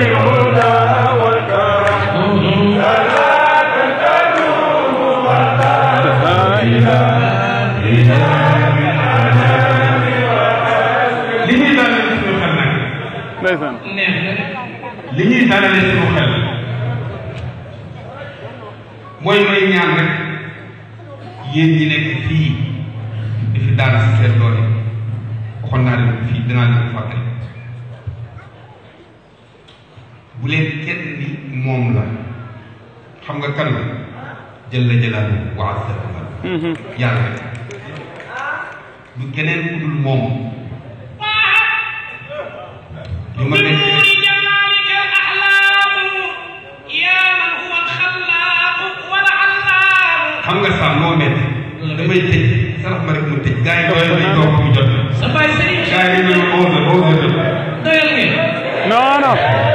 li ñuy dalale suñu xel mooy may ñaan rek yéen ñi nekk fii di fi daal si seen doole waxoon naa leen fii dinaa leen fàttali bu leen kenn ni moom la xam nga kan la jël la jëlaat wa azza mm-hmm. yàlla du keneen ku dul moom ñu ma nekk xam nga sax moo métti damay tëj sarax ma rek mu tëj gars yi doyal nañ toog mu jot. sa bàyyi sëriñ. gars yi ñu ne ma onze onze heures. doyal ngeen. non non.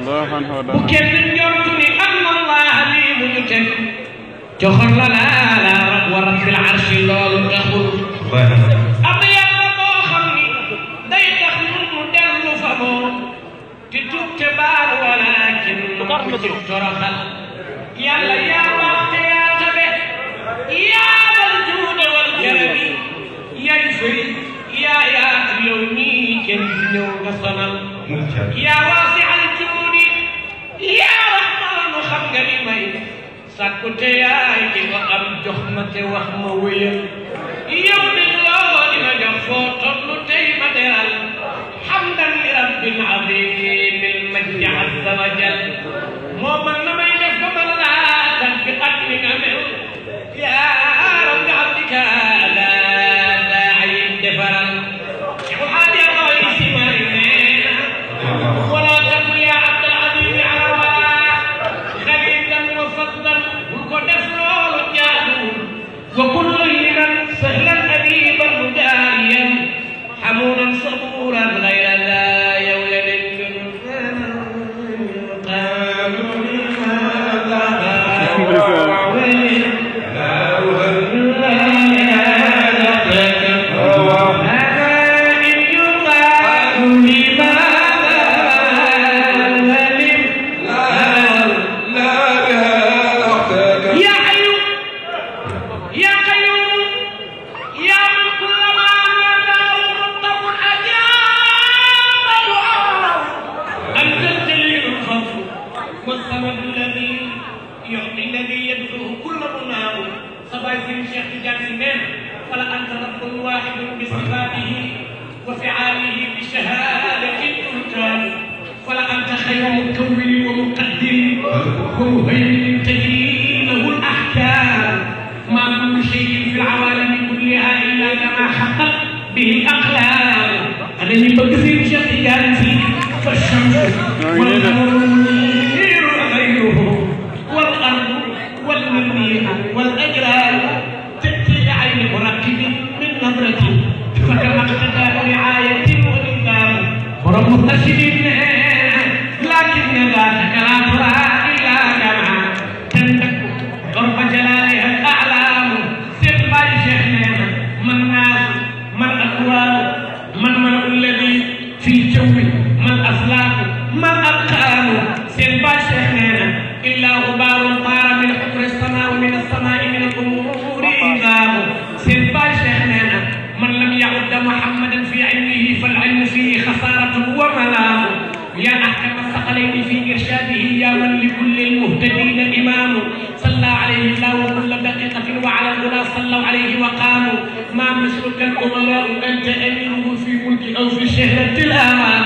الله عنه ولا bu kenn njort ni anna allah lii mu ñu teg joxor la laa laa rab wa rabbil arshi loolu taxul am na yàlla boo xam ni day tax ñun mu dellu fa moom di tuub te baal walakin mu ci toroxal yàlla yaa baax te yaa tabe yaa bal juude wal jarami yay fay yaa yaa yow nii kenn ñëw nga sonal yaa waa sàkkute yaay di ko am jox ma te wax ma wéyal yow di loo dina jox foo tollu tey ma deral hamdan li rabbil azimil majdi azza wa jal moo mën na من شيخ تجاني المنع فلأنت رب واحد بصفاته وفعاله بشهادة تمتاز فلأنت خير مكون ومقدم ومهيمن تدينه الأحكام ما كل شيء في العوالم كلها إلا كما حقق به الأقلام أنا من بكثير شيخ تجاني فالشمس والقمر 他西边。الثقلين في إرشاده يا من لكل المهتدين إمام صلى عليه الله كل دقيقة وعلى الغنى صلوا عليه وقاموا ما مثلك الأمراء أنت أميره في ملك أو في شهرة الأمام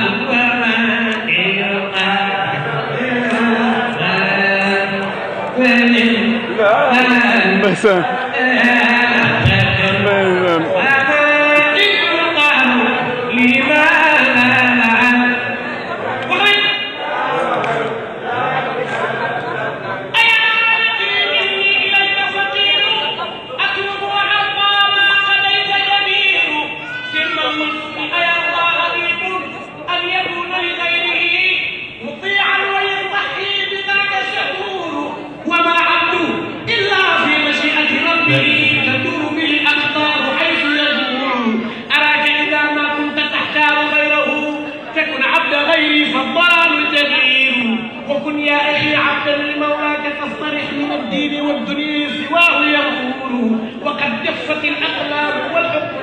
Yeah. وقد جفت الأقلام والعقول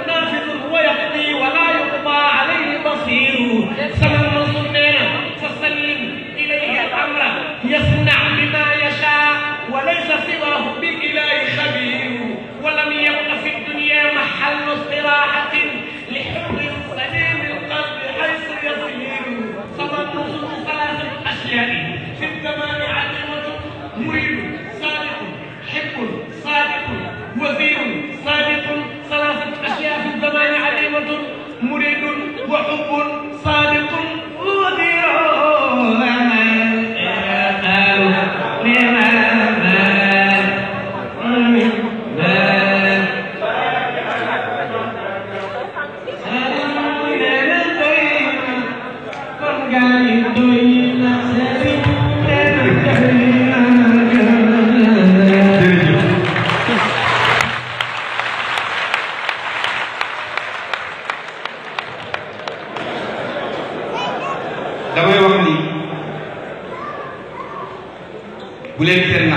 bu leen kenn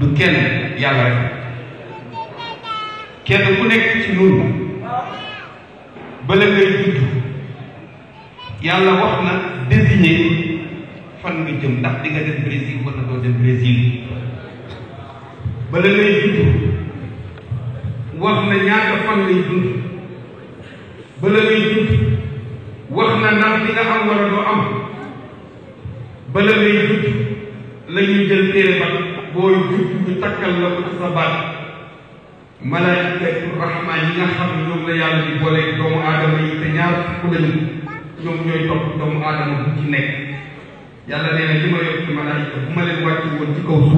du kenn yàlla rek kenn ku nekk ci loolu bala ngay judd yàlla wax na désigné fan nga jëm ndax di nga dem Brésil wala doo dem Brésil bala ngay judd wax na ñaata fan ngay dund bala ngay judd wax na ndax di nga am wala doo am bala ngay judd la ñuy jël ba booy judd ñu takkal la ko sa baat malaayikatu rahmaan yi nga xam ne ñoom la boole doomu aadama yi te ñaar fukk lañu ñoom ñooy topp doomu aadama bu nekk yàlla nee na ma yor ci malaayika bu ma leen wàcc woon suuf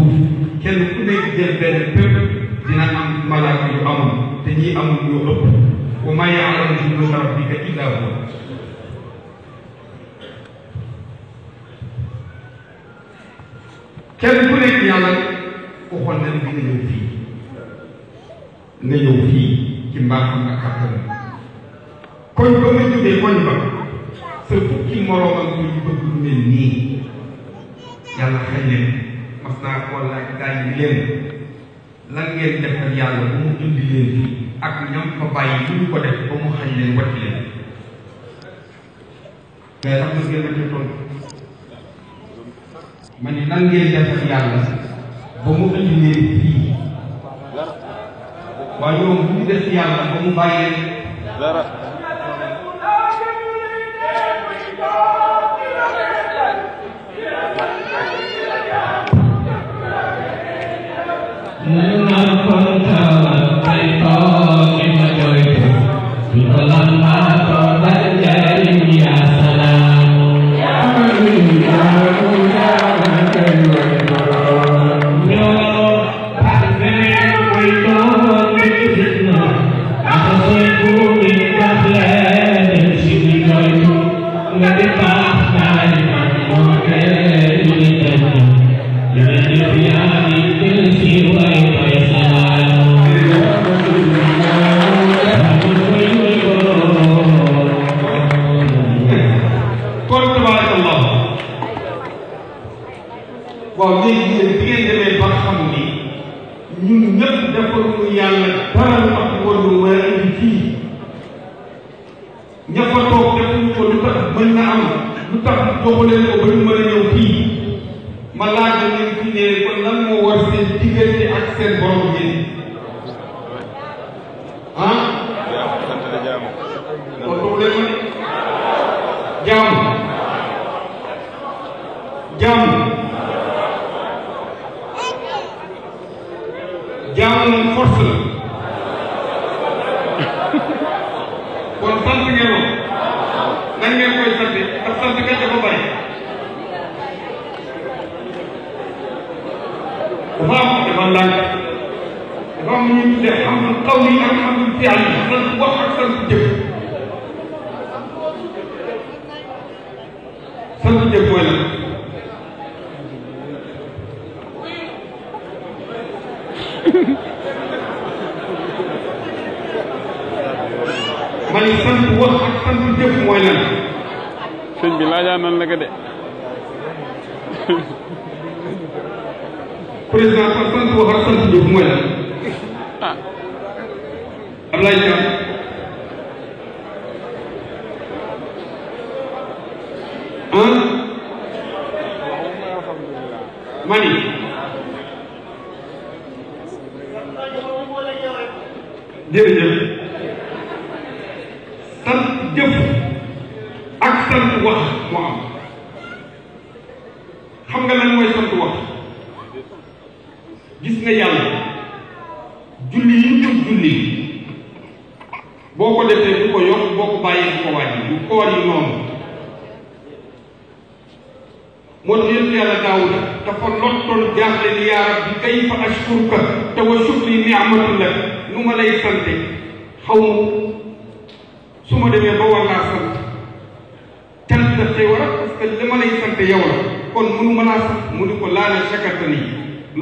kenn ku nekk jël benn pépp dina am malaaka yu amul te ñii amul ñoo ëpp wa maa yaalamu junuuda rabbika illaa huwa kenn ku nekk yàlla waxoon na ne dina ñëw fii na ñëw fii ci mbaaxam ak kàttan koñ ba nga jógee koñ ba sa fukki moroomam ñu bëgg lu mel nii yàlla xëy leen mas naa koo laaj gaa yi leen lan ngeen defal yàlla bu mu indi leen fii ak ñam fa bàyyi lu ñu ko def ba mu xëy leen wàcc leen mais xam nga ngeen ma ca tontu ma ne nan ngeen def ak yàlla ba mu indi leen fii waaye ñoom bu ñu def yàlla ba mu bàyyee dara Nếu nó không thờ, thầy có cái mà đời Vì có lắm mà có đánh lu tax joxu leen ko ba ñu fii ma laaj leen fi ne kon lan moo war seen diggante ak seen borom ngeen ah. kon jaamu jaamu jaamu force la kon sant ngeen nan ngeen koy sant ak sant kat dafa bari dafa am dafa laaj dafa am ñu tuddee xam-xam xaw yi ak xam-xam fiyaal yi sant wax ak sant jëf sant jëf mooy lan ma ni sant wax ak sant jëf mooy lan. sëñ bi laajaan nan la ko de. président sax sant wax ak sant jëf mooy lan. ah. Ablaye Thiam. ah. ma ni. jërëjëf. koor yi noonu moo tax yonent yàlla daawuda dafa lottoon jaaxle ni yaa rabbi kayfa ashkuruka te wa shukri ni'matul lak nu ma lay sante xaw ma su demee ba war laa sant cant daf tey war a parce que kon mënu ma laa sant mu ni ko laala shakarta nii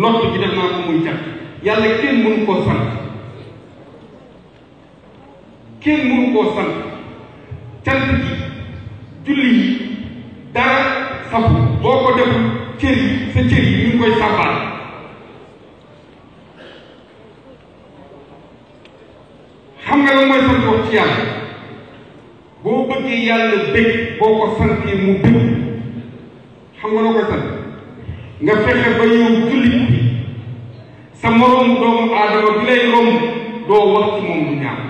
lott ji def naa ko muy cant gi julli yi dara sabu boo ko deful cër yi sa cër yi ñu ngi koy xam nga la mooy mu bëgg xam nga loo koy nga fexe ba yow jullit bi sa moroomu doomu aadama bi lay romb doo moom du ñaaw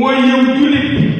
mooy yow jullit bi